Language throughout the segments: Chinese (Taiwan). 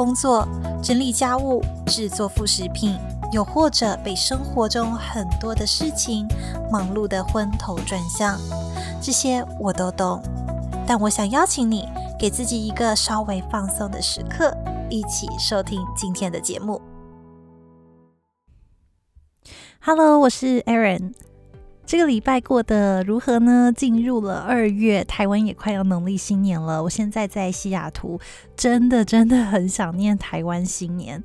工作、整理家務、製作副食品，又或者被生活中很多的事情忙碌得昏頭轉向，這些我都懂。但我想邀請你，給自己一個稍微放鬆的時刻，一起收聽今天的節目。Hello，我是 Erin。這個禮拜過得如何呢？進入了二月，台灣也快要農曆新年了。我現在在西雅圖，真的真的很想念台灣新年。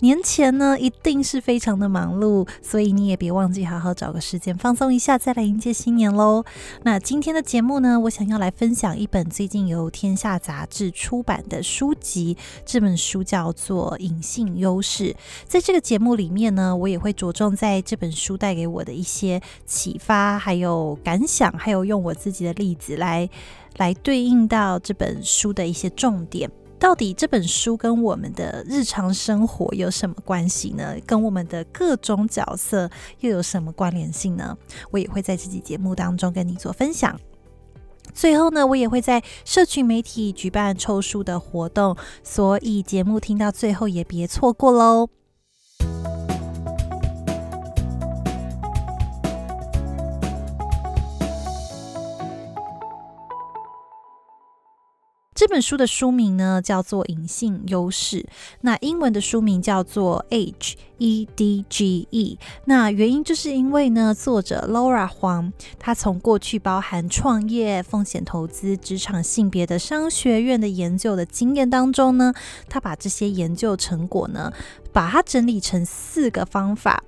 年前呢，一定是非常的忙碌，所以你也別忘記好好找個時間放鬆一下，再來迎接新年嘍。那今天的節目呢，我想要來分享一本最近由天下雜誌出版的書籍，這本書叫做《隱性優勢》。在這個節目裡面呢，我也會着重在這本書帶給我的一些啟發，還有感想，還有用我自己的例子來來對應到這本書的一些重點。到底這本書跟我們的日常生活有什麼關係呢？跟我們的各種角色又有什麼關聯性呢？我也會在這集節目當中跟你做分享。最後呢，我也會在社群媒體舉辦抽書的活動，所以節目聽到最後也別錯過嘍這本書的書名呢叫做《隱性優勢》，那英文的書名叫做 H E D G E。那原因就是因為呢，作者 Laura Huang，她從過去包含創業、風險投資、職場性別的商學院的研究的經驗當中呢，她把這些研究成果呢，把它整理成四個方法。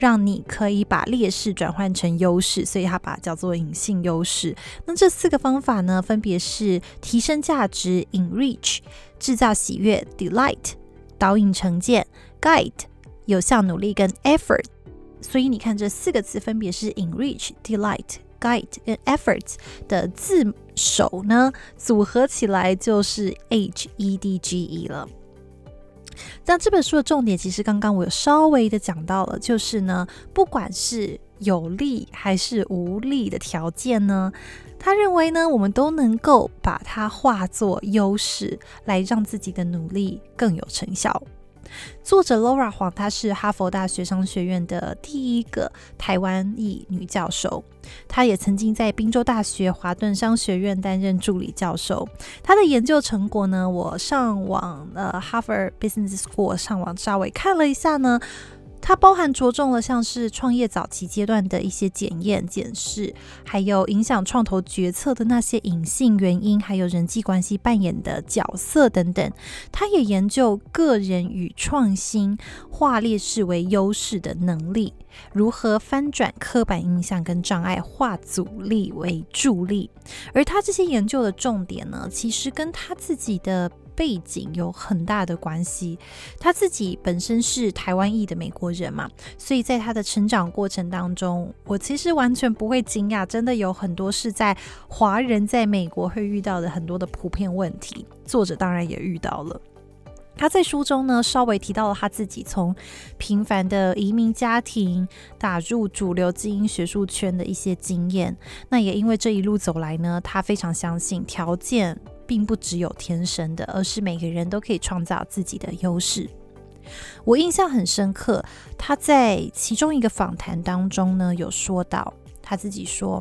讓你可以把劣勢轉換成優勢，所以它把它叫做隱性優勢。那這四個方法呢，分別是提升價值 （enrich）、制造喜悅 （delight）、導引成見 （guide）、有效努力跟 （effort）。所以你看，這四個詞分別是 enrich、delight、guide 跟 effort 的字首呢，組合起來就是 e d g e 了。那這本書的重點，其實剛剛我有稍微的講到了，就是呢，不管是有利還是無利的條件呢，他認為呢，我們都能夠把它化作優勢，來讓自己的努力更有成效。作者 Laura 黃，她是哈佛大學商學院的第一個台灣裔女教授。她也曾經在賓州大學華頓商學院擔任助理教授。她的研究成果呢，我上網呃 Harvard Business School 上網稍微看了一下呢。他包含着重了像是創業早期階段的一些檢驗、檢視，還有影響創投決策的那些隱性原因，還有人際關係扮演的角色等等。他也研究個人與創新，化劣勢為優勢的能力，如何翻轉刻板印象跟障礙，化阻力為助力。而他這些研究的重點呢，其實跟他自己的。背景有很大的關係，他自己本身是台灣裔的美國人嘛，所以在他的成長過程當中，我其實完全不會驚訝，真的有很多是在華人在美國會遇到的很多的普遍問題，作者當然也遇到了。他在書中呢，稍微提到了他自己從平凡的移民家庭打入主流精英學術圈的一些經驗，那也因為這一路走來呢，他非常相信條件。並不只有天生的，而是每個人都可以創造自己的優勢。我印象很深刻，他在其中一個訪談當中呢，有說到他自己說，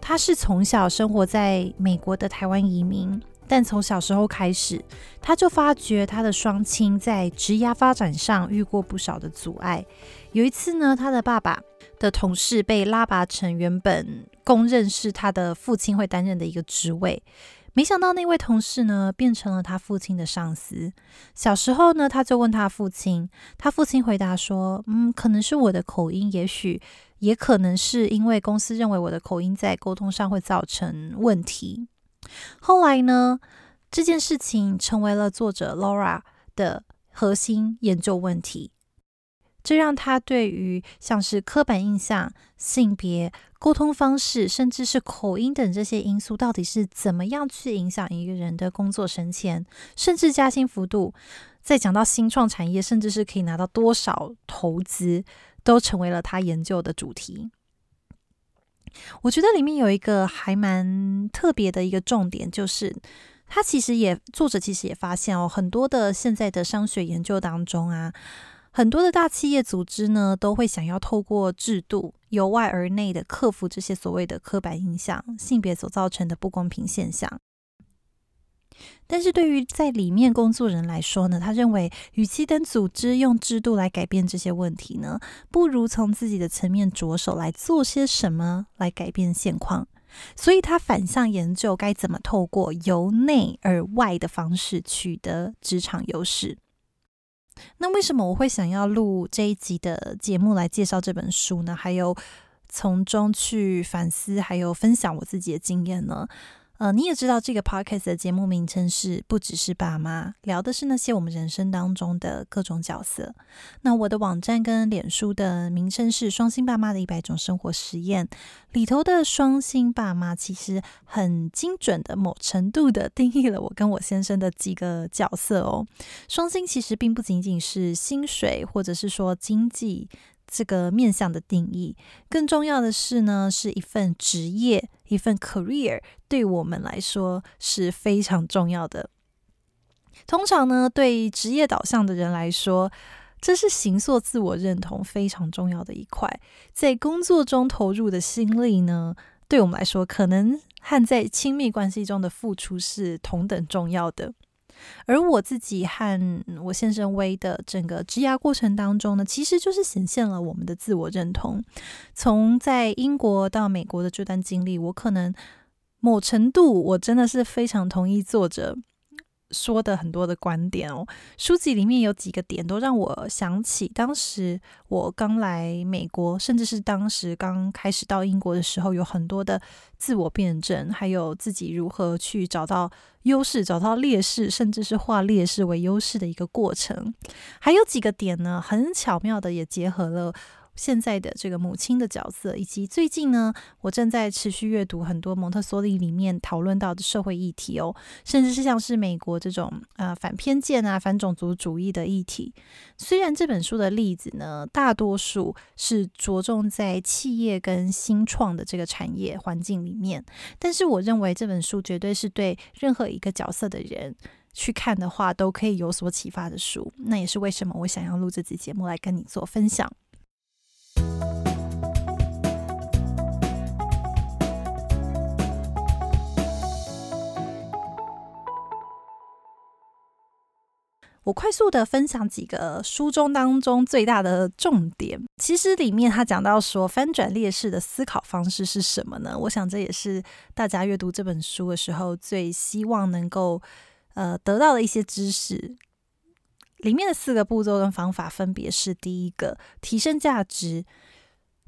他是從小生活在美國的台灣移民，但從小時候開始，他就發覺他的雙親在職涯發展上遇過不少的阻礙。有一次呢，他的爸爸的同事被拉拔成原本公認是他的父親會擔任的一個職位。沒想到那位同事呢，變成了他父親的上司。小時候呢，他就問他父親，他父親回答說：“嗯，可能是我的口音，也許也可能是因為公司認為我的口音在溝通上會造成問題。”後來呢，這件事情成為了作者 Laura 的核心研究問題。這讓他對於像是刻板印象、性別、溝通方式，甚至是口音等這些因素，到底是怎麼樣去影響一個人的工作升遷，甚至加薪幅度；再講到新創產業，甚至是可以拿到多少投資，都成為了他研究的主題。我覺得裡面有一個還蠻特別的一個重點，就是他其實也，作者其實也發現哦，很多的現在的商學研究當中啊。很多的大企業組織呢，都會想要透過制度，由外而內的克服這些所謂的刻板印象、性別所造成的不公平現象。但是，對於在裡面工作人來說呢，他認為，與其等組織用制度來改變這些問題呢，不如從自己的層面着手，來做些什麼來改變現況。所以，他反向研究該怎麼透過由內而外的方式取得職場優勢。那為什麼我會想要錄這一集的節目來介紹這本書呢？還有從中去反思，還有分享我自己的經驗呢？呃，你也知道這個 podcast 的節目名稱是不只是爸媽，聊的是那些我們人生當中的各種角色。那我的網站跟臉書的名稱是雙薪爸媽的一百種生活實驗，裡頭的雙薪爸媽其實很精準的某程度的定義了我跟我先生的幾個角色哦。雙薪其實並不僅僅是薪水，或者是說經濟。這個面向的定義，更重要的是呢，是一份職業，一份 career，對我們來說是非常重要的。通常呢，對職業導向的人來說，這是形塑自我認同非常重要的一塊。在工作中投入的心力呢，對我們來說，可能和在親密關係中的付出是同等重要的。而我自己和我先生 Wei 的整個職涯過程當中呢，其實就是顯現了我們的自我認同。從在英國到美國的這段經歷，我可能某程度我真的是非常同意作者，說的很多的觀點哦，書籍裡面有幾個點都讓我想起當時我剛來美國，甚至是當時剛開始到英國的時候，有很多的自我辯證，還有自己如何去找到優勢、找到劣勢，甚至是化劣勢為優勢的一個過程。還有幾個點呢，很巧妙的也結合了。現在的這個母親的角色，以及最近呢，我正在持續閱讀很多蒙特梭利裡面討論到的社會議題哦，甚至是像是美國這種呃反偏見啊反種族主義的議題。雖然這本書的例子呢，大多數是着重在企業跟新創的這個產業環境裡面，但是我認為這本書絕對是對任何一個角色的人去看的話，都可以有所啟發的書。那也是為什麼我想要錄這期節目來跟你做分享。我快速的分享幾個書中當中最大的重點。其實裡面他講到說，翻轉劣勢的思考方式是什麼呢？我想這也是大家閱讀這本書的時候最希望能夠呃得到的一些知識。裡面的四個步驟跟方法分別是：第一個，提升價值。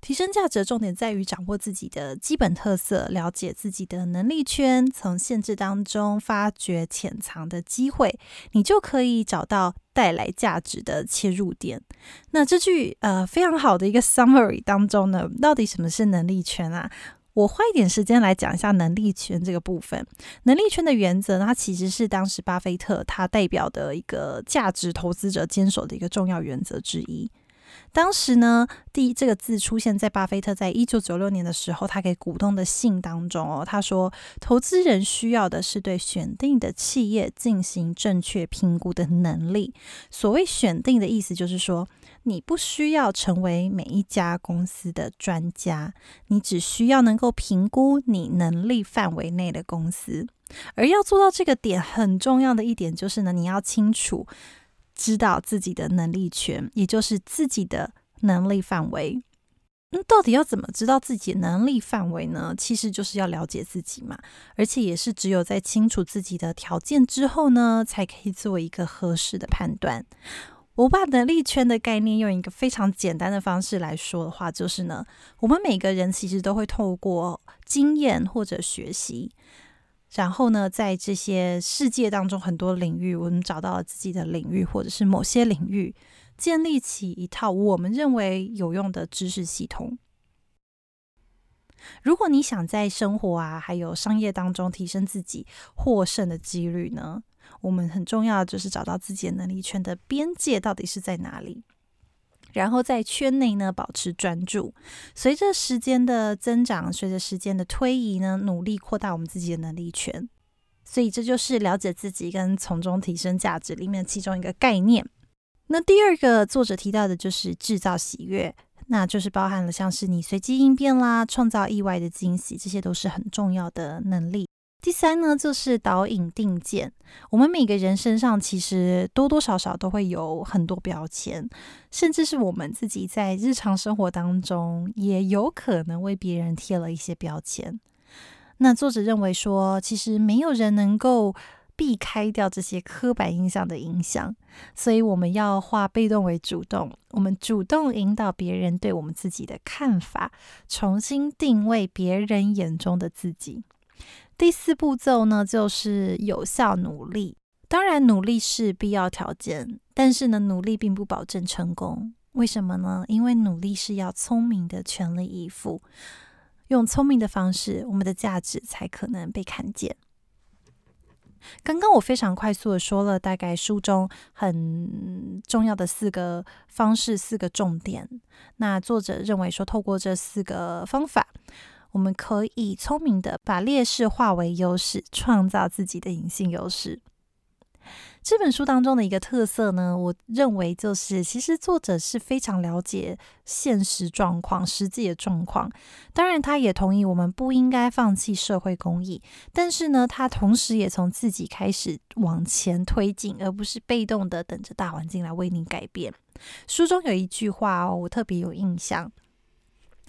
提升價值重點在於掌握自己的基本特色，了解自己的能力圈，從限制當中發掘潛藏的機會，你就可以找到帶來價值的切入點。那這句呃非常好的一個 summary 當中呢，到底什麼是能力圈啊？我花一點時間來講一下能力圈這個部分。能力圈的原則，它其實是當時巴菲特他代表的一個價值投資者堅守的一個重要原則之一。當時呢，第一這個字出現在巴菲特在一九九六年的時候，他給股東的信當中哦，他說，投資人需要的是對選定的企業進行正確評估的能力。所謂選定的意思就是說，你不需要成為每一家公司的專家，你只需要能夠評估你能力範圍內的公司。而要做到這個點，很重要的一點就是呢，你要清楚。知道自己的能力圈，也就是自己的能力範圍。那、嗯、到底要怎麼知道自己的能力範圍呢？其實就是要了解自己嘛，而且也是只有在清楚自己的條件之後呢，才可以做一個合適的判斷。我把能力圈的概念用一個非常簡單的方式來說的話，就是呢，我們每個人其實都會透過經驗或者學習。然後呢，在這些世界當中，很多領域，我們找到了自己的領域，或者是某些領域，建立起一套我們認為有用的知識系統。如果你想在生活啊，還有商業當中提升自己獲勝的幾率呢，我們很重要的就是找到自己的能力圈的邊界到底是在哪裡。然後在圈內呢，保持專注。隨着時間的增長，隨着時間的推移呢，努力擴大我們自己的能力圈。所以這就是了解自己跟從中提升價值裡面的其中一個概念。那第二個作者提到的就是制造喜悅，那就是包含了像是你隨機應變啦，創造意外的驚喜，這些都是很重要的能力。第三呢，就是導引定見。我們每個人身上其實多多少少都會有很多標籤，甚至是我們自己在日常生活當中也有可能為別人貼了一些標籤。那作者認為說，其實沒有人能夠避開掉這些刻板印象的影響，所以我們要化被動為主動，我們主動引導別人對我們自己的看法，重新定位別人眼中的自己。第四步驟呢，就是有效努力。當然，努力是必要條件，但是呢，努力並不保證成功。為什麼呢？因為努力是要聰明的全力以赴。用聰明的方式，我們的價值才可能被看見。剛剛我非常快速的說了大概書中很重要的四個方式，四個重點。那作者認為說，透過這四個方法，我們可以聰明的把劣勢化為優勢，創造自己的隱性優勢。這本書當中的一個特色呢，我認為就是，其實作者是非常了解現實狀況、實際的狀況。當然，他也同意我們不應該放棄社會公益，但是呢，他同時也從自己開始往前推進，而不是被動的等着大環境來為你改變。書中有一句話哦，我特別有印象。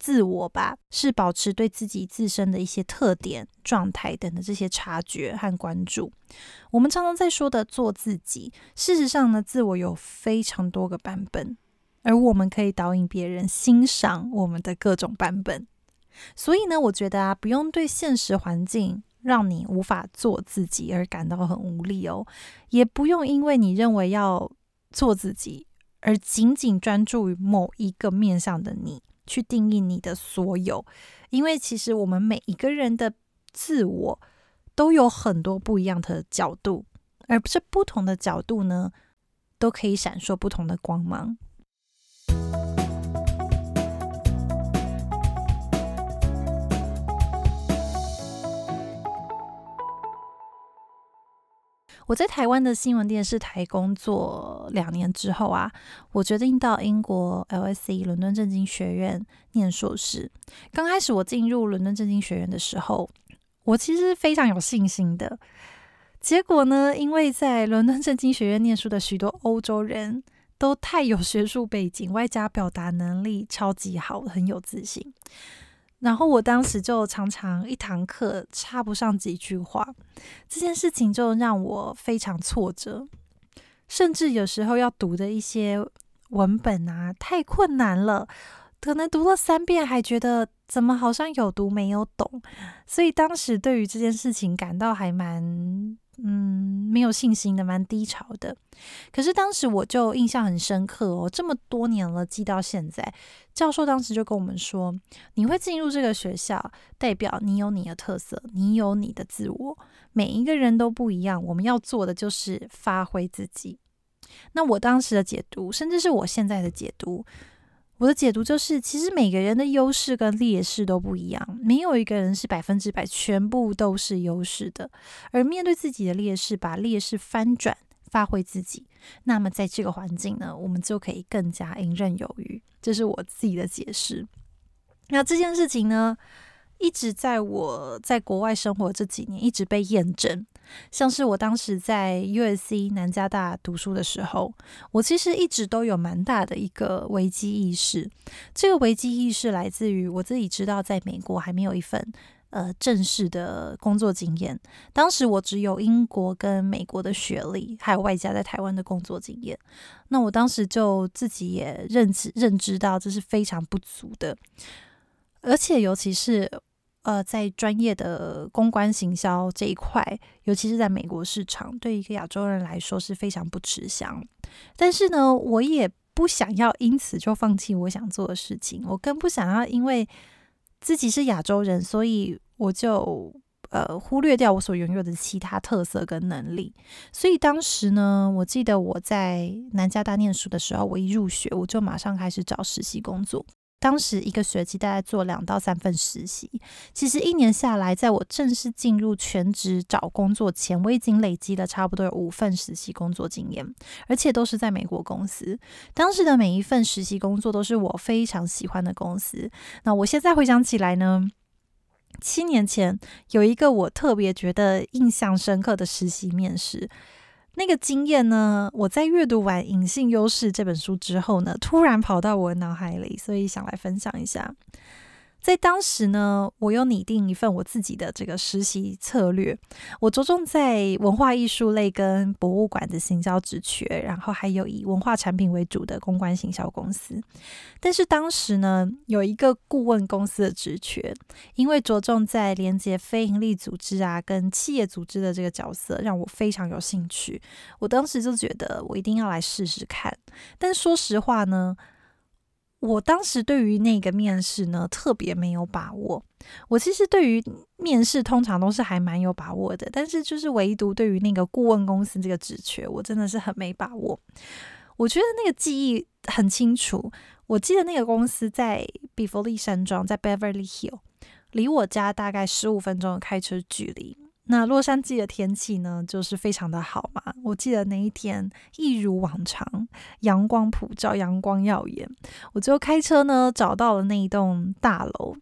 自我吧，是保持對自己自身的一些特點、狀態等的這些察覺和關注。我們常常在說的做自己，事實上呢，自我有非常多個版本，而我們可以導引別人欣賞我們的各種版本。所以呢，我覺得啊，不用對現實環境讓你無法做自己而感到很無力哦，也不用因為你認為要做自己而僅僅專注於某一個面向的你，去定義你的所有，因為其實我們每一個人的自我都有很多不一樣的角度，而這不，不同的角度呢，都可以閃爍不同的光芒。我在台灣的新聞電視台工作兩年之後啊，我決定到英國 LSE 倫敦政經學院念碩士。剛開始我進入倫敦政經學院的時候，我其實非常有信心的。結果呢，因為在倫敦政經學院念書的許多歐洲人都太有學術背景，外加表達能力超級好，很有自信。然後我當時就常常一堂課插不上幾句話，這件事情就讓我非常挫折，甚至有時候要讀的一些文本啊太困難了，可能讀了三遍還覺得怎麼好像有讀沒有懂，所以當時對於這件事情感到還蠻。嗯，沒有信心的，蠻低潮的。可是當時我就印象很深刻哦，這麼多年了，記到現在，教授當時就跟我們說：“你會進入這個學校，代表你有你的特色，你有你的自我，每一個人都不一樣。我們要做的就是發揮自己。”那我當時的解讀，甚至是我現在的解讀。我的解讀就是，其實每個人的優勢跟劣勢都不一樣，沒有一個人是百分之百全部都是優勢的。而面對自己的劣勢，把劣勢翻轉，發揮自己，那麼在這個環境呢，我們就可以更加游刃有餘。這是我自己的解釋。那這件事情呢，一直在我在國外生活這幾年，一直被驗證。像是我當時在 USC 南加大讀書的時候，我其實一直都有蠻大的一個危機意識。這個危機意識來自於我自己知道，在美國還沒有一份呃正式的工作經驗。當時我只有英國跟美國的學歷，還有外加在台灣的工作經驗。那我當時就自己也認知認知到，這是非常不足的。而且，尤其是，呃，在專業的公關行銷這一塊，尤其是在美國市場，對一個亞洲人來說是非常不吃香。但是呢，我也不想要因此就放棄我想做的事情，我更不想要因為自己是亞洲人，所以我就呃忽略掉我所擁有的其他特色跟能力。所以當時呢，我記得我在南加大念書的時候，我一入學我就馬上開始找實習工作。當時一個學期大概做兩到三份實習，其實一年下來，在我正式進入全職找工作前，我已經累積了差不多有五份實習工作經驗，而且都是在美國公司。當時的每一份實習工作都是我非常喜歡的公司。那我現在回想起來呢，七年前有一個我特別覺得印象深刻的實習面試。那個經驗呢，我在閱讀完《隱性優勢》這本書之後呢，突然跑到我腦海裡，所以想來分享一下。在當時呢，我又擬定一份我自己的這個實習策略，我着重在文化藝術類跟博物館的行銷職缺，然後還有以文化產品為主的公關行銷公司。但是當時呢，有一個顧問公司的職缺，因為着重在連接非營利組織啊跟企業組織的這個角色，讓我非常有興趣。我當時就覺得我一定要來試試看。但說實話呢。我當時對於那個面試呢，特別沒有把握。我其實對於面試通常都是還蠻有把握的，但是就是唯獨對於那個顧問公司這個職缺，我真的是很沒把握。我覺得那個記憶很清楚，我記得那個公司在比佛利山莊，在 Beverly Hill，離我家大概十五分鐘的開車距離。那洛杉磯的天氣呢，就是非常的好嘛。我記得那一天一如往常，陽光普照，陽光耀眼。我就開車呢，找到了那一棟大樓，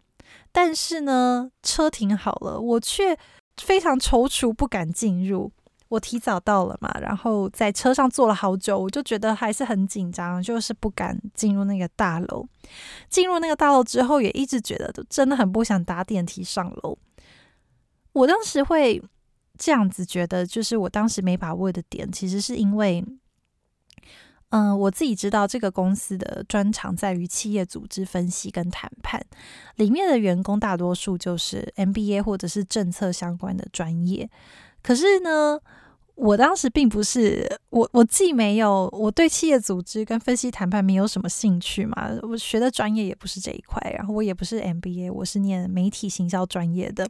但是呢車停好了，我卻非常躊躇不敢進入。我提早到了嘛，然後在車上坐了好久，我就覺得還是很緊張，就是不敢進入那個大樓。進入那個大樓之後，也一直覺得都真的很不想搭電梯上樓。我當時會這樣子覺得，就是我當時沒把握的點，其實是因為，嗯、呃，我自己知道這個公司的專長在於企業組織分析跟談判，裡面的員工大多數就是 MBA 或者是政策相關的專業。可是呢，我當時並不是我，我既沒有我對企業組織跟分析談判沒有什麼興趣嘛，我學的專業也不是這一塊，然後我也不是 MBA，我是念媒體行銷專業的。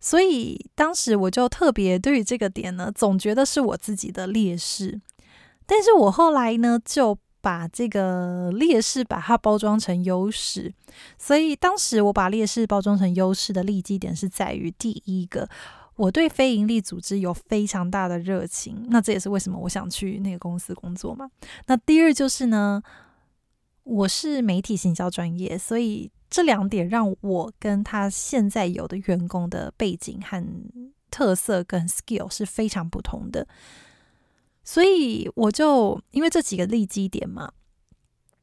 所以當時我就特別對於這個點呢，總覺得是我自己的劣勢。但是我後來呢，就把這個劣勢把它包裝成優勢。所以當時我把劣勢包裝成優勢的利基點是在於：第一個，我對非營利組織有非常大的熱情，那這也是為什麼我想去那個公司工作嘛。那第二就是呢。我是媒體行銷專業，所以這兩點讓我跟他現在有的員工的背景和特色跟 skill 是非常不同的。所以我就因為這幾個利基點嘛，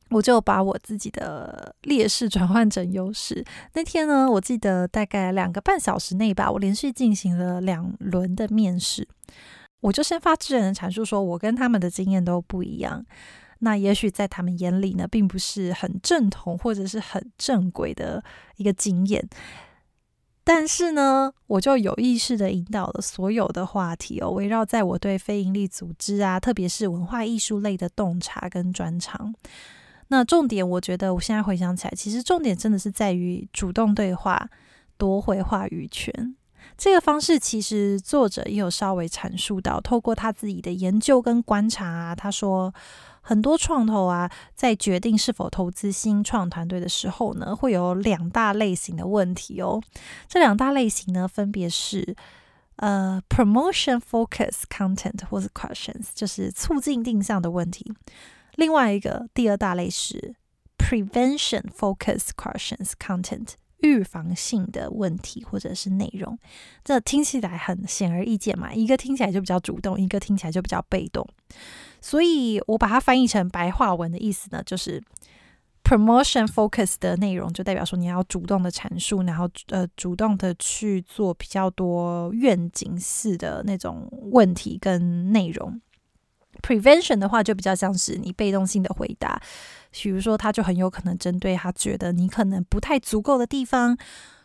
我就把我自己的劣勢轉換成優勢。那天呢，我記得大概兩個半小時內吧，我連續進行了兩輪的面試，我就先發制人的闡述說我跟他們的經驗都不一樣。那也許在他們眼裡呢，並不是很正統或者是很正規的一個經驗，但是呢，我就有意識的引導了所有的話題哦，圍繞在我對非營利組織啊，特別是文化藝術類的洞察跟專長。那重點，我覺得我現在回想起來，其實重點真的是在於主動對話，奪回話語權。這個方式，其實作者也有稍微闡述到，透過他自己的研究跟觀察，啊，他說。很多創投啊，在決定是否投資新創團隊的時候呢，會有兩大類型的問題哦。這兩大類型呢，分別是呃 promotion-focused content 或是 questions，就是促進定向的問題。另外一個，第二大類是 prevention-focused questions content，預防性的問題或者是內容。這聽起來很顯而易見嘛，一個聽起來就比較主動，一個聽起來就比較被動。所以我把它翻譯成白話文的意思呢，就是 Promotion Focus 的內容就代表說你要主動的闡述，然後呃主動的去做比較多願景式的那種問題跟內容。Prevention 的話就比較像是你被動性的回答，比如說他就很有可能針對他覺得你可能不太足夠的地方，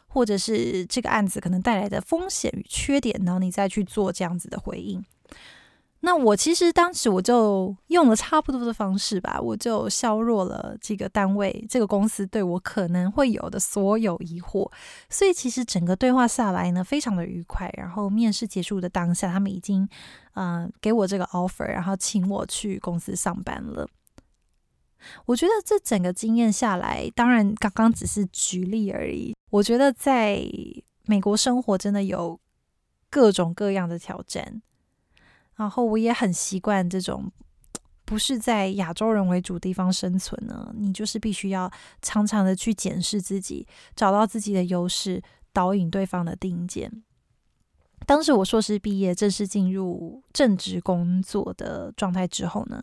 或者是這個案子可能帶來的風險與缺點，然後你再去做這樣子的回應。那我其實當時我就用了差不多的方式吧，我就削弱了這個單位、這個公司對我可能會有的所有疑惑，所以其實整個對話下來呢，非常的愉快。然後面試結束的當下，他們已經嗯、呃，給我這個 offer，然後請我去公司上班了。我覺得這整個經驗下來，當然剛剛只是舉例而已。我覺得在美國生活真的有各種各樣的挑戰。然後我也很習慣這種，不是在亞洲人為主地方生存呢，你就是必須要常常的去檢視自己，找到自己的優勢，導引對方的定見。當時我碩士畢業，正式進入正職工作的狀態之後呢，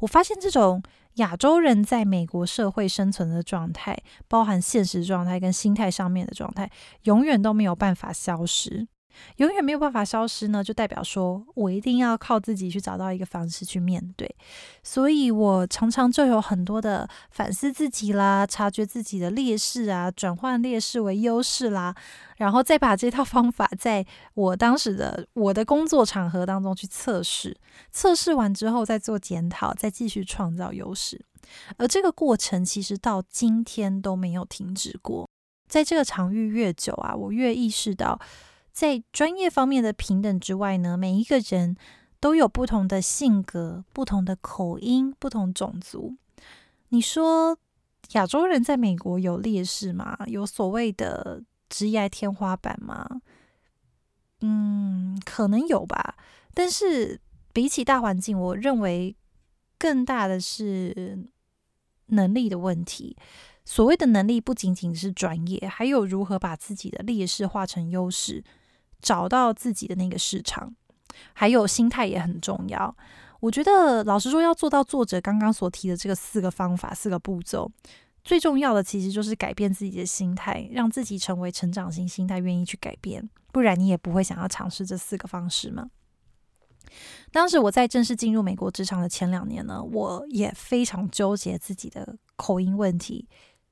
我發現這種亞洲人在美國社會生存的狀態，包含現實狀態跟心態上面的狀態，永遠都沒有辦法消失。永遠沒有辦法消失呢，就代表說我一定要靠自己去找到一個方式去面對。所以我常常就有很多的反思自己啦，察覺自己的劣勢啊，轉換劣勢為優勢啦，然後再把這套方法在我當時的我的工作場合當中去測試，測試完之後再做檢討，再繼續創造優勢。而這個過程其實到今天都沒有停止過。在這個場域越久啊，我越意識到。在專業方面的平等之外呢，每一個人都有不同的性格、不同的口音、不同種族。你說亞洲人在美國有劣勢嗎？有所謂的職業天花板嗎？嗯，可能有吧。但是比起大環境，我認為更大的是能力的問題。所謂的能力，不僅僅是專業，還有如何把自己的劣勢化成優勢。找到自己的那個市場，還有心態也很重要。我覺得，老實說，要做到作者剛剛所提的這個四個方法、四個步驟，最重要的其實就是改變自己的心態，讓自己成為成長型心態，願意去改變。不然，你也不會想要嘗試這四個方式嘛。當時我在正式進入美國職場的前兩年呢，我也非常糾結自己的口音問題、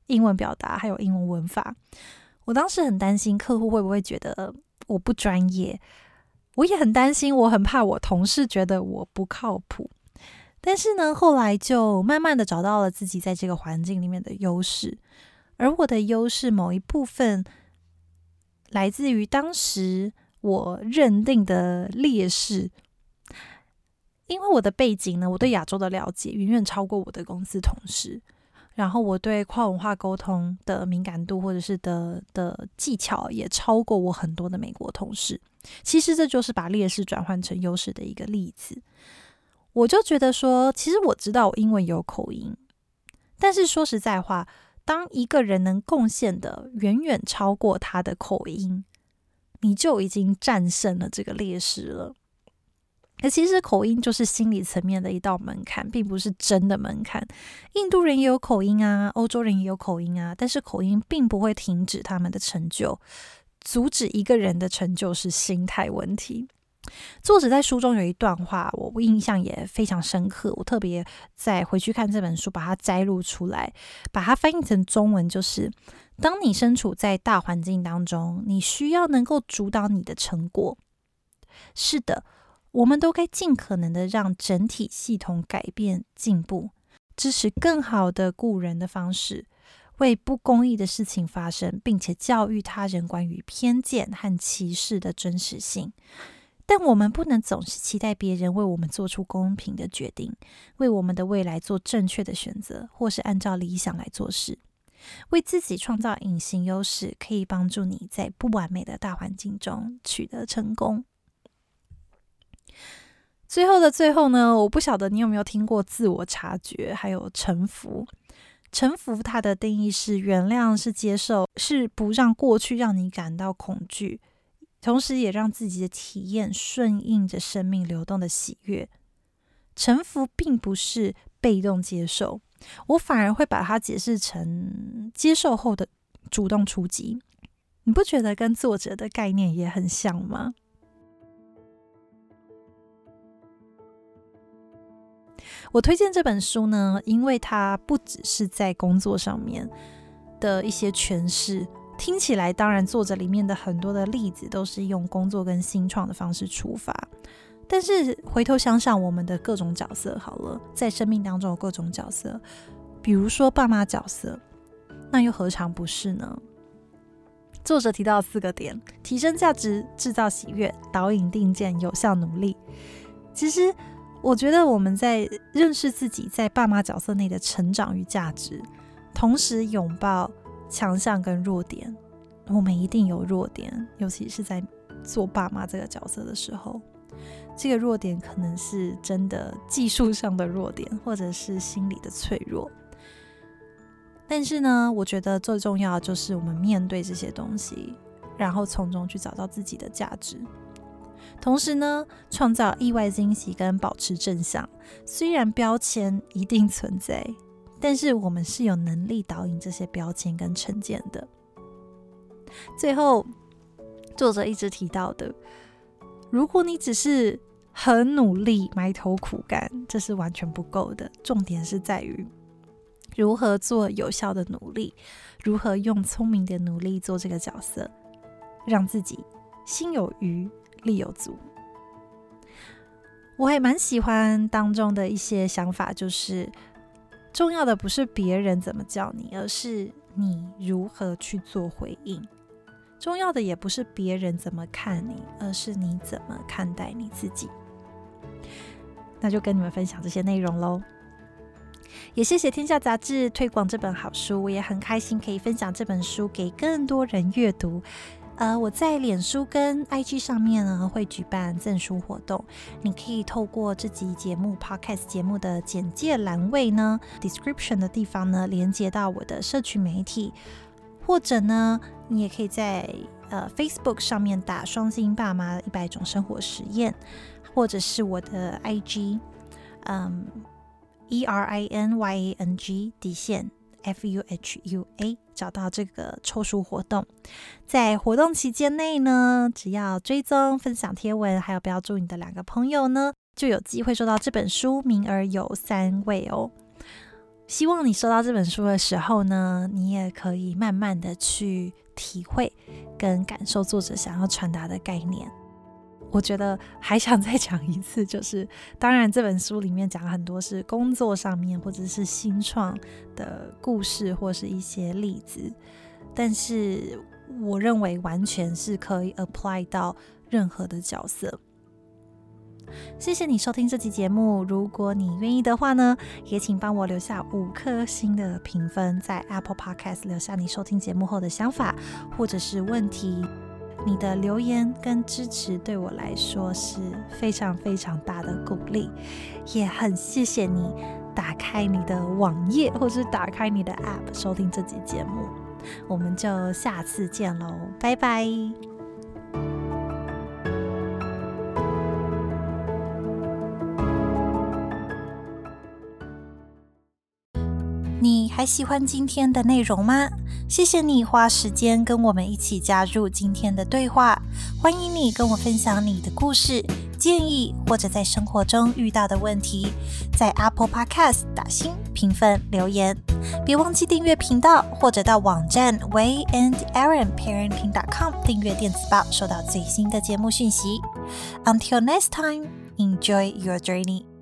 英文表達還有英文文法。我當時很擔心客戶會不會覺得。我不專業，我也很擔心，我很怕我同事覺得我不靠譜。但是呢，後來就慢慢的找到了自己在這個環境裡面的優勢，而我的優勢某一部分來自於當時我認定的劣勢，因為我的背景呢，我對亞洲的了解遠遠超過我的公司同事。然後我對跨文化溝通的敏感度，或者是的的技巧，也超過我很多的美國同事。其實，這就是把劣勢轉換成優勢的一個例子。我就覺得說，其實我知道我英文有口音，但是說實在話，當一個人能貢獻的遠遠超過他的口音，你就已經戰勝了這個劣勢了。其實口音就是心理層面的一道門檻，並不是真的門檻。印度人也有口音啊，歐洲人也有口音啊，但是口音並不會停止他們的成就。阻止一個人的成就是心態問題。作者在書中有一段話，我印象也非常深刻，我特別再回去看這本書，把它摘錄出來，把它翻譯成中文，就是：當你身處在大環境當中，你需要能夠主導你的成果。是的。我們都該盡可能的讓整體系統改變進步，支持更好的雇人的方式，為不公義的事情發聲，並且教育他人關於偏見和歧視的真實性。但我們不能總是期待別人為我們做出公平的決定，為我們的未來做正確的選擇，或是按照理想來做事。為自己創造隱形優勢，可以幫助你在不完美的大環境中取得成功。最後的最後呢，我不曉得你有沒有聽過自我察覺，還有臣服。臣服它的定義是原諒，是接受，是不讓過去讓你感到恐懼，同時也讓自己的體驗順應着生命流動的喜悅。臣服並不是被動接受，我反而會把它解釋成接受後的主動出擊。你不覺得跟作者的概念也很像嗎？我推薦這本書呢，因為它不只是在工作上面的一些詮釋。聽起來，當然作者裡面的很多的例子都是用工作跟新創的方式出發，但是回頭想想，我們的各種角色，好了，在生命當中有各種角色，比如說爸媽角色，那又何嘗不是呢？作者提到四個點：提升價值、製造喜悅、導引定見、有效努力。其實。我覺得我們在認識自己在爸媽角色內的成長與價值，同時擁抱強項跟弱點。我們一定有弱點，尤其是在做爸媽這個角色的時候，這個弱點可能是真的技術上的弱點，或者是心理的脆弱。但是呢，我覺得最重要的就是我們面對這些東西，然後從中去找到自己的價值。同時呢，創造意外驚喜跟保持正向。雖然標籤一定存在，但是我們是有能力導引這些標籤跟成見的。最後，作者一直提到的，如果你只是很努力、埋頭苦幹，這是完全不夠的。重點是在於如何做有效的努力，如何用聰明的努力做這個角色，讓自己心有餘。力有足。我還蠻喜歡當中的一些想法，就是重要的不是別人怎麼叫你，而是你如何去做回應；重要的也不是別人怎麼看你，而是你怎麼看待你自己。那就跟你們分享這些內容嘍。也謝謝天下雜誌推廣這本好書，我也很開心可以分享這本書給更多人閱讀。呃，我在臉書跟 IG 上面呢會舉辦贈書活動，你可以透過這集節目 Podcast 節目的簡介欄位呢，description 的地方呢，連接到我的社群媒體，或者呢，你也可以在呃 Facebook 上面打“雙薪爸媽的一百種生活實驗”，或者是我的 IG，嗯，E R I N Y A N G 底線 F U H U A。找到這個抽書活動，在活動期間內呢，只要追蹤、分享貼文，還有標注你的兩個朋友呢，就有機會收到這本書。名額有三位哦。希望你收到這本書的時候呢，你也可以慢慢的去體會跟感受作者想要傳達的概念。我覺得還想再講一次，就是當然這本書裡面講很多是工作上面或者是新創的故事或是一些例子，但是我認為完全是可以 apply 到任何的角色。謝謝你收聽這期節目，如果你願意的話呢，也請幫我留下五顆星的評分，在 Apple Podcast 留下你收聽節目後的想法或者是問題。你的留言跟支持對我來說是非常非常大的鼓勵，也很謝謝你打開你的網頁或是打開你的 App 收聽這集節目，我們就下次見嘍，拜拜。喜歡今天的內容嗎？謝謝你花時間跟我們一起加入今天的對話。歡迎你跟我分享你的故事、建議或者在生活中遇到的問題，在 Apple Podcast 打星、評分、留言。別忘記訂閱頻道，或者到網站 WeiandErinParenting.com 訂閱電子報，收到最新的節目訊息。Until next time, enjoy your journey.